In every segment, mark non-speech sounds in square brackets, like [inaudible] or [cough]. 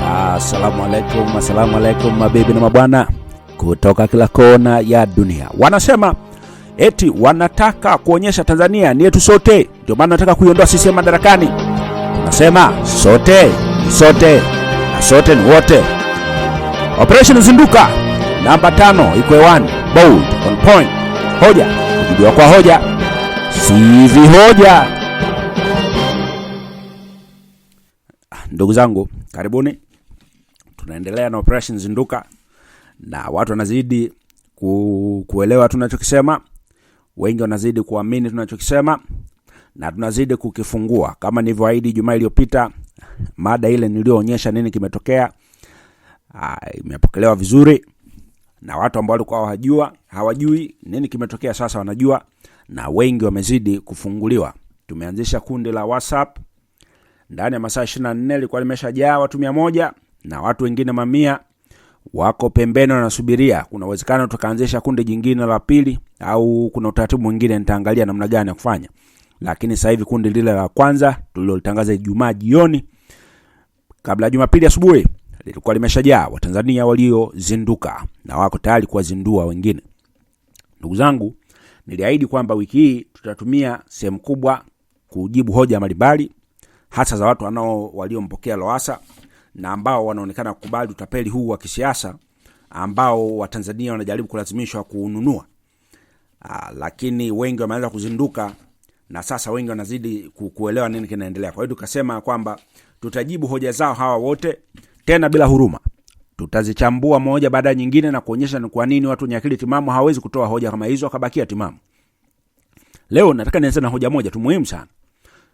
Assalamu alaikum, assalamu alaikum mabibi na mabwana kutoka kila kona ya dunia. Wanasema eti wanataka kuonyesha Tanzania ni yetu sote, ndio maana wanataka kuiondoa sisi madarakani. Tunasema sote ni sote na sote ni wote. Operation Zinduka namba tano iko hewani, bold on point, hoja kujibiwa kwa hoja, sivi hoja ah, Ndugu zangu, karibuni tunaendelea na operation Zinduka na watu wanazidi ku, kuelewa tunachokisema, wengi wanazidi kuamini tunachokisema na tunazidi kukifungua kama nilivyoahidi Jumaa iliyopita. Mada ile nilioonyesha nini kimetokea ah, imepokelewa vizuri na watu ambao walikuwa hawajua hawajui nini kimetokea, sasa wanajua na wengi wamezidi kufunguliwa. Tumeanzisha kundi la WhatsApp ndani ya masaa 24 lilikuwa limeshajaa watu mia moja na watu wengine mamia wako pembeni wanasubiria. Kuna uwezekano tukaanzisha kundi jingine la pili, au kuna utaratibu mwingine, nitaangalia namna gani ya kufanya. Lakini sasa hivi kundi lile la kwanza tulilolitangaza Ijumaa jioni kabla ya Jumapili asubuhi lilikuwa limeshajaa Watanzania waliozinduka na wako tayari kuwazindua wengine. Ndugu zangu, niliahidi kwamba wiki hii tutatumia sehemu kubwa kujibu hoja mbalimbali, hasa za watu wanao waliompokea loasa na ambao wanaonekana kukubali utapeli huu wa kisiasa ambao Watanzania wanajaribu kulazimishwa kuununua. Ah, lakini wengi wameanza kuzinduka na sasa wengi wanazidi kuelewa nini kinaendelea. Kwa hiyo tukasema kwamba tutajibu hoja zao hawa wote tena bila huruma, tutazichambua moja baada ya nyingine na kuonyesha ni kwa nini watu wenye akili timamu hawawezi kutoa hoja kama hizo akabakia timamu. Leo nataka nianze na hoja moja tu muhimu sana,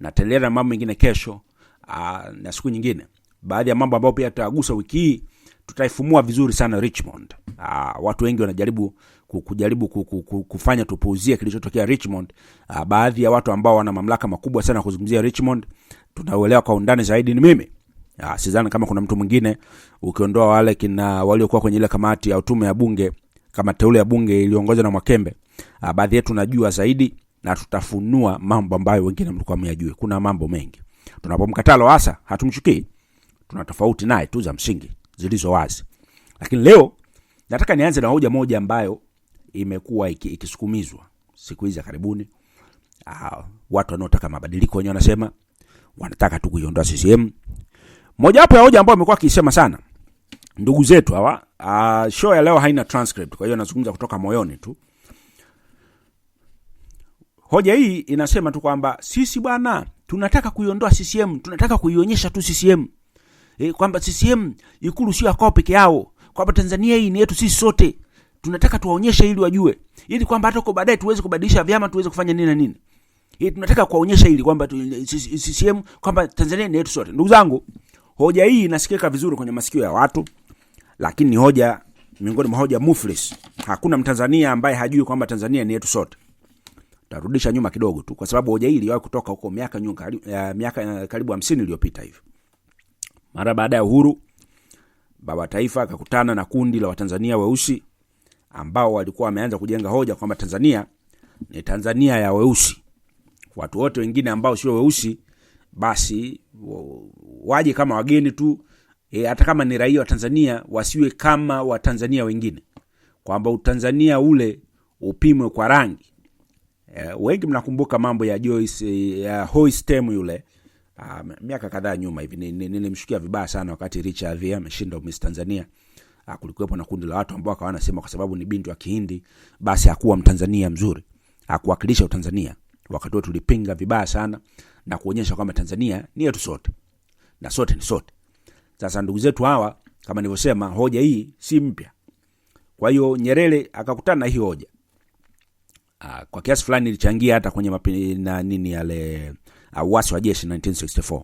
nataendelea na mambo mengine kesho aa, ah, na siku nyingine baadhi ya mambo ambayo pia tutagusa wiki hii, tutaifumua vizuri sana Richmond. Aa, ah, watu wengi wanajaribu kujaribu kufanya tupuuzie kilichotokea Richmond. Aa, ah, baadhi ya watu ambao wana mamlaka makubwa sana kuzungumzia Richmond tunauelewa kwa undani zaidi ni mimi. Aa, ah, sidhani kama kuna mtu mwingine ukiondoa wale kina waliokuwa kwenye ile kamati ya utume ya bunge kama teule ya bunge iliongozwa na Mwakembe. Aa, baadhi yetu najua zaidi na tutafunua mambo ambayo wengine mlikuwa mjajui. Kuna mambo mengi tunapomkataa Lowassa hatumchukii tuna tofauti naye tu za msingi zilizo wazi. Lakini leo nataka nianze na hoja moja ambayo imekuwa ikisukumizwa iki siku hizi za karibuni. Uh, watu wanaotaka mabadiliko wenyewe wanasema wanataka tu kuiondoa CCM. Mojawapo ya hoja ambayo amekuwa akisema sana ndugu zetu hawa uh, show ya leo haina transcript, kwa hiyo nazungumza kutoka moyoni tu. Hoja hii inasema tu kwamba sisi bwana tunataka kuiondoa CCM, tunataka kuionyesha tu CCM e, kwamba CCM Ikulu sio yakao peke yao, kwamba Tanzania hii ni yetu sisi sote. Tunataka tuwaonyeshe ili wajue, ili kwamba hata huko baadaye tuweze kubadilisha vyama, tuweze kufanya nini na nini. E, tunataka kuwaonyesha ili kwamba CCM kwamba Tanzania ni yetu sote. Ndugu zangu, hoja hii inasikika vizuri kwenye masikio ya watu, lakini ni hoja miongoni mwa hoja muflis. Hakuna Mtanzania ambaye hajui kwamba Tanzania ni yetu sote. Tarudisha nyuma kidogo tu, kwa sababu hoja hii iliwahi kutoka huko miaka nyuma, eh, miaka eh, karibu hamsini iliyopita hivi. Mara baada ya uhuru, baba taifa akakutana na kundi la Watanzania weusi ambao walikuwa wameanza kujenga hoja kwamba Tanzania ni Tanzania ya weusi, watu wote wengine ambao sio weusi basi waje kama wageni tu e, hata kama ni raia wa Tanzania wasiwe kama Watanzania wengine, kwamba utanzania ule upimwe kwa rangi. E, wengi mnakumbuka mambo ya Joyce, ya Hoistem yule um, miaka kadhaa nyuma hivi nilimshukia ni, ni vibaya sana wakati Richa Adhia ameshinda Miss Tanzania. Uh, kulikuwepo na kundi la watu ambao wanasema kwa sababu ni binti wa Kihindi basi hakuwa Mtanzania mzuri, hakuwakilisha Utanzania. Wakati huo tulipinga vibaya sana na kuonyesha kwamba Tanzania ni yetu sote na sote ni sote. Sasa ndugu zetu hawa, kama nilivyosema, hoja hii si mpya. Kwa hiyo Nyerere akakutana na hii hoja, ah, kwa kiasi fulani ilichangia hata kwenye mapinduzi na nini yale uh, uasi wa jeshi 1964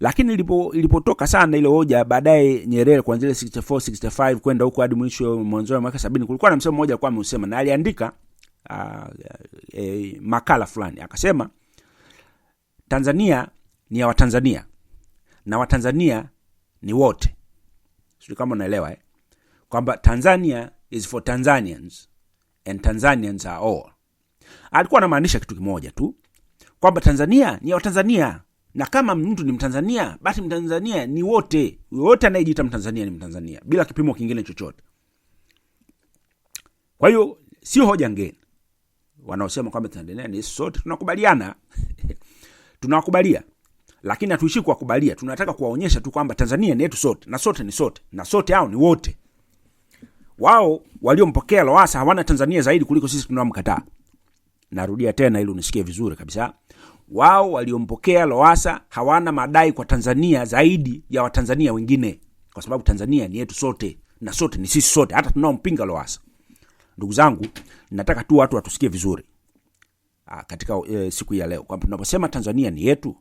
lakini ilipo, ilipotoka sana ile hoja baadaye Nyerere kuanzia 64 65 kwenda huko hadi mwisho mwanzo wa mwaka 70 kulikuwa na msemo mmoja kwa ameusema na aliandika uh, e, makala fulani akasema Tanzania ni ya Watanzania na Watanzania ni wote. Sijui kama unaelewa eh? Kwamba Tanzania is for Tanzanians and Tanzanians are all. Alikuwa anamaanisha kitu kimoja tu kwamba Tanzania ni ya Watanzania, na kama mtu ni Mtanzania basi Mtanzania ni wote. Yoyote anayejiita Mtanzania ni Mtanzania bila kipimo kingine chochote. Kwa hiyo sio hoja ngeni wanaosema kwamba Tanzania ni sote, tunakubaliana [laughs] tunawakubalia, lakini hatuishi kuwakubalia, tunataka kuwaonyesha tu kwamba Tanzania ni yetu sote na sote ni sote na sote, ao ni wote. Wao waliompokea lowasa hawana Tanzania zaidi kuliko sisi tunaomkataa. Narudia tena ili unisikie vizuri kabisa. Wao waliompokea loasa hawana madai kwa Tanzania zaidi ya Watanzania wengine, kwa sababu Tanzania ni yetu sote na sote ni sisi sote, hata tunaompinga Lowassa. Ndugu zangu, nataka tu watu watusikie vizuri ah, katika e, siku ya leo kwamba tunaposema Tanzania ni yetu,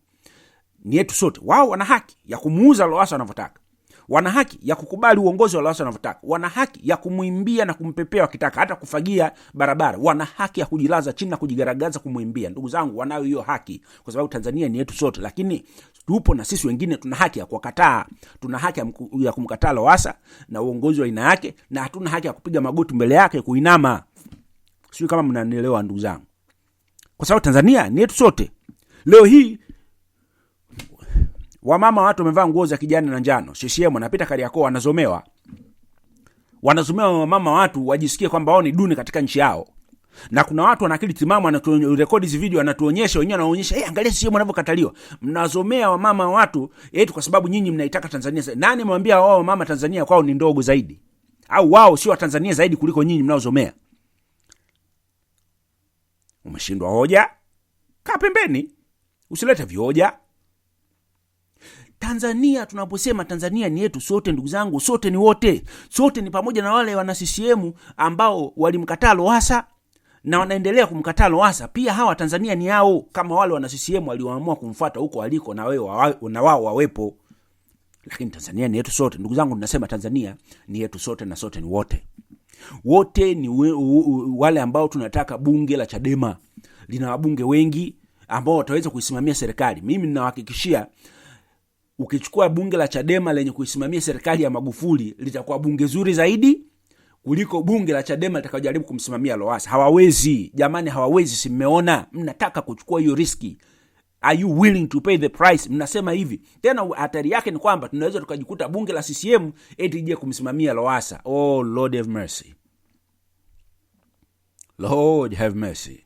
ni yetu sote. Wao wana haki ya kumuuza loasa wanavyotaka wana haki ya kukubali uongozi wa lawasa wanavyotaka, wana haki ya kumwimbia na kumpepea wakitaka, hata kufagia barabara, wana haki ya kujilaza chini na kujigaragaza kumwimbia. Ndugu zangu, wanayo hiyo haki, kwa sababu Tanzania ni yetu sote, lakini tupo na sisi wengine, tuna haki ya kuwakataa, tuna haki ya kumkataa lawasa na uongozi wa aina yake, na hatuna haki ya kupiga magoti mbele yake, kuinama. Sijui kama mnanielewa ndugu zangu, kwa sababu Tanzania ni yetu sote. Leo hii Wamama watu wamevaa nguo za kijani na njano, CCM anapita Kariakoo, wanazomewa, wanazomewa wamama watu wajisikie kwamba wao ni duni katika nchi yao na kuna watu wana timamu, anarekodi hizi video, anatuonyesha wenyewe, anaonyesha hey, eh, angalia sisi anavyokataliwa mnazomea wamama watu etu eh, kwa sababu nyinyi mnaitaka Tanzania. Nani mwambia wao wamama Tanzania kwao ni ndogo zaidi, au wao sio Watanzania zaidi kuliko nyinyi mnaozomea? Umeshindwa hoja, kaa pembeni, usilete vioja. Tanzania tunaposema Tanzania ni yetu sote, ndugu zangu, sote ni wote, sote ni pamoja na wale wana CCM ambao walimkataa Lowassa na wanaendelea kumkataa Lowassa pia. Hawa Tanzania ni yao, kama wale wana CCM walioamua kumfuata huko waliko, na wao wa, wa, wa wawepo, lakini Tanzania ni yetu sote. Ndugu zangu, tunasema Tanzania ni yetu sote na sote ni wote. Wote ni we, u, u, wale ambao tunataka bunge la Chadema lina wabunge wengi ambao wataweza kuisimamia serikali. Mimi ninawahakikishia ukichukua bunge la Chadema lenye kuisimamia serikali ya Magufuli litakuwa bunge zuri zaidi kuliko bunge la Chadema litakaojaribu kumsimamia loasa Hawawezi jamani, hawawezi. Si mmeona mnataka kuchukua hiyo riski? Are you willing to pay the price? Mnasema hivi tena, hatari yake ni kwamba tunaweza tukajikuta bunge la CCM eti kumsimamia loasa Oh Lord have mercy, Lord have mercy.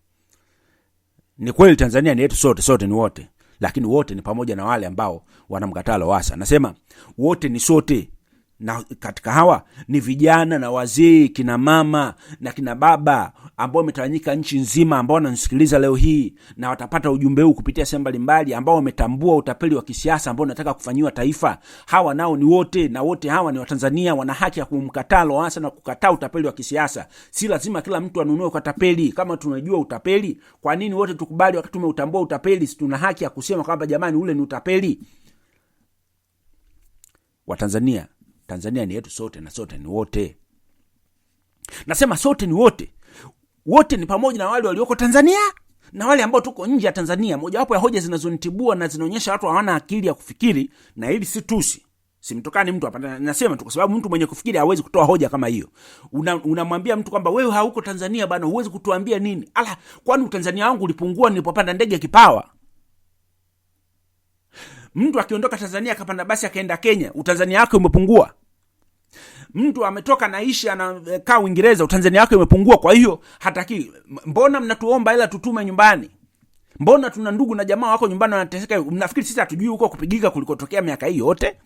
Ni kweli Tanzania ni yetu sote, sote ni wote lakini wote ni pamoja na wale ambao wanamkataa Lowassa. Nasema wote ni sote na katika hawa ni vijana na wazee, kina mama na kina baba ambao wametawanyika nchi nzima, ambao wananisikiliza leo hii na watapata ujumbe huu kupitia sehemu mbalimbali, ambao wametambua utapeli wa kisiasa ambao unataka kufanyiwa taifa. Hawa nao ni wote, na wote hawa ni Watanzania, wana haki ya kumkataa loasa na kukataa utapeli wa kisiasa. Si lazima kila mtu anunue kwa tapeli. Kama tunajua utapeli, kwa nini wote tukubali? Wakati tumeutambua utapeli, si tuna haki ya kusema kwamba jamani, ule ni utapeli. Watanzania Tanzania ni yetu sote na sote ni wote. Nasema sote ni wote, wote ni pamoja na wale walioko Tanzania na wale ambao tuko nje ya Tanzania. Mojawapo ya hoja zinazonitibua na zinaonyesha watu hawana akili ya kufikiri, na hili si tusi, simtokani mtu hapa, nasema tu kwa sababu mtu mwenye kufikiri hawezi kutoa hoja kama hiyo. Unamwambia una mtu kwamba wewe hauko Tanzania bana, huwezi kutuambia nini? Ala, kwani utanzania wangu ulipungua nilipopanda ndege Kipawa? Mtu akiondoka Tanzania akapanda basi akaenda Kenya, utanzania wake umepungua. Mtu ametoka naishi anakaa eh, Uingereza, utanzania wake umepungua. Kwa hiyo hataki, mbona mnatuomba ila tutume nyumbani? Mbona tuna ndugu na jamaa wako nyumbani wanateseka? Mnafikiri sisi hatujui huko kupigika kulikotokea miaka hii yote?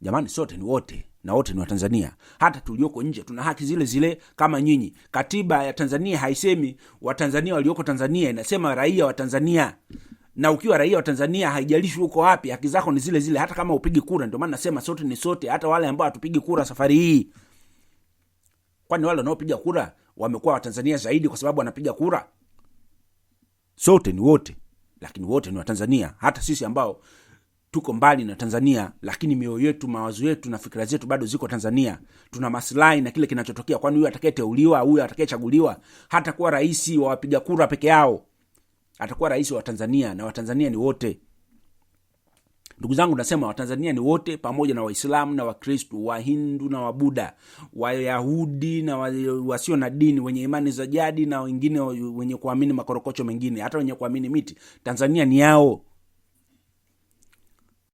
Jamani, sote ni wote na wote ni Watanzania. Hata tulioko nje tuna haki zile zile kama nyinyi. Katiba ya Tanzania haisemi Watanzania walioko Tanzania, inasema raia wa Tanzania na ukiwa raia wa Tanzania, haijalishi uko wapi, haki zako ni zile zile, hata kama upigi kura. Ndio maana nasema sote ni sote, hata wale ambao hatupigi kura safari hii. Kwani wale wanaopiga kura wamekuwa Watanzania zaidi kwa sababu wanapiga kura? Sote ni wote, lakini wote ni Watanzania, hata sisi ambao tuko mbali na Tanzania, lakini mioyo yetu, mawazo yetu na fikira zetu bado ziko Tanzania. Tuna maslahi na kile kinachotokea, kwani huyu atakayeteuliwa, huyu atakayechaguliwa hata kuwa rais wa wapiga kura peke yao atakuwa rais wa Tanzania na Watanzania ni wote. Ndugu zangu, nasema Watanzania ni wote, pamoja na Waislamu na Wakristu, Wahindu na Wabuda, Wayahudi na wasio na dini, wenye imani za jadi na wengine wenye kuamini makorokocho mengine, hata wenye kuamini miti. Tanzania ni yao.